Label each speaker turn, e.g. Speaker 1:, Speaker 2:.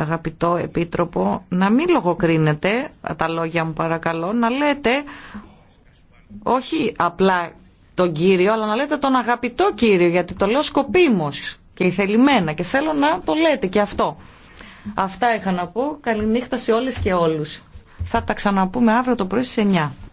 Speaker 1: αγαπητό Επίτροπο, να μην λογοκρίνετε τα λόγια μου παρακαλώ, να λέτε όχι απλά τον Κύριο, αλλά να λέτε τον αγαπητό Κύριο, γιατί το λέω σκοπίμως και ηθελημένα και θέλω να το λέτε και αυτό. Αυτά είχα να πω. Καληνύχτα σε όλες και όλους. Θα τα ξαναπούμε αύριο το πρωί στις
Speaker 2: 9.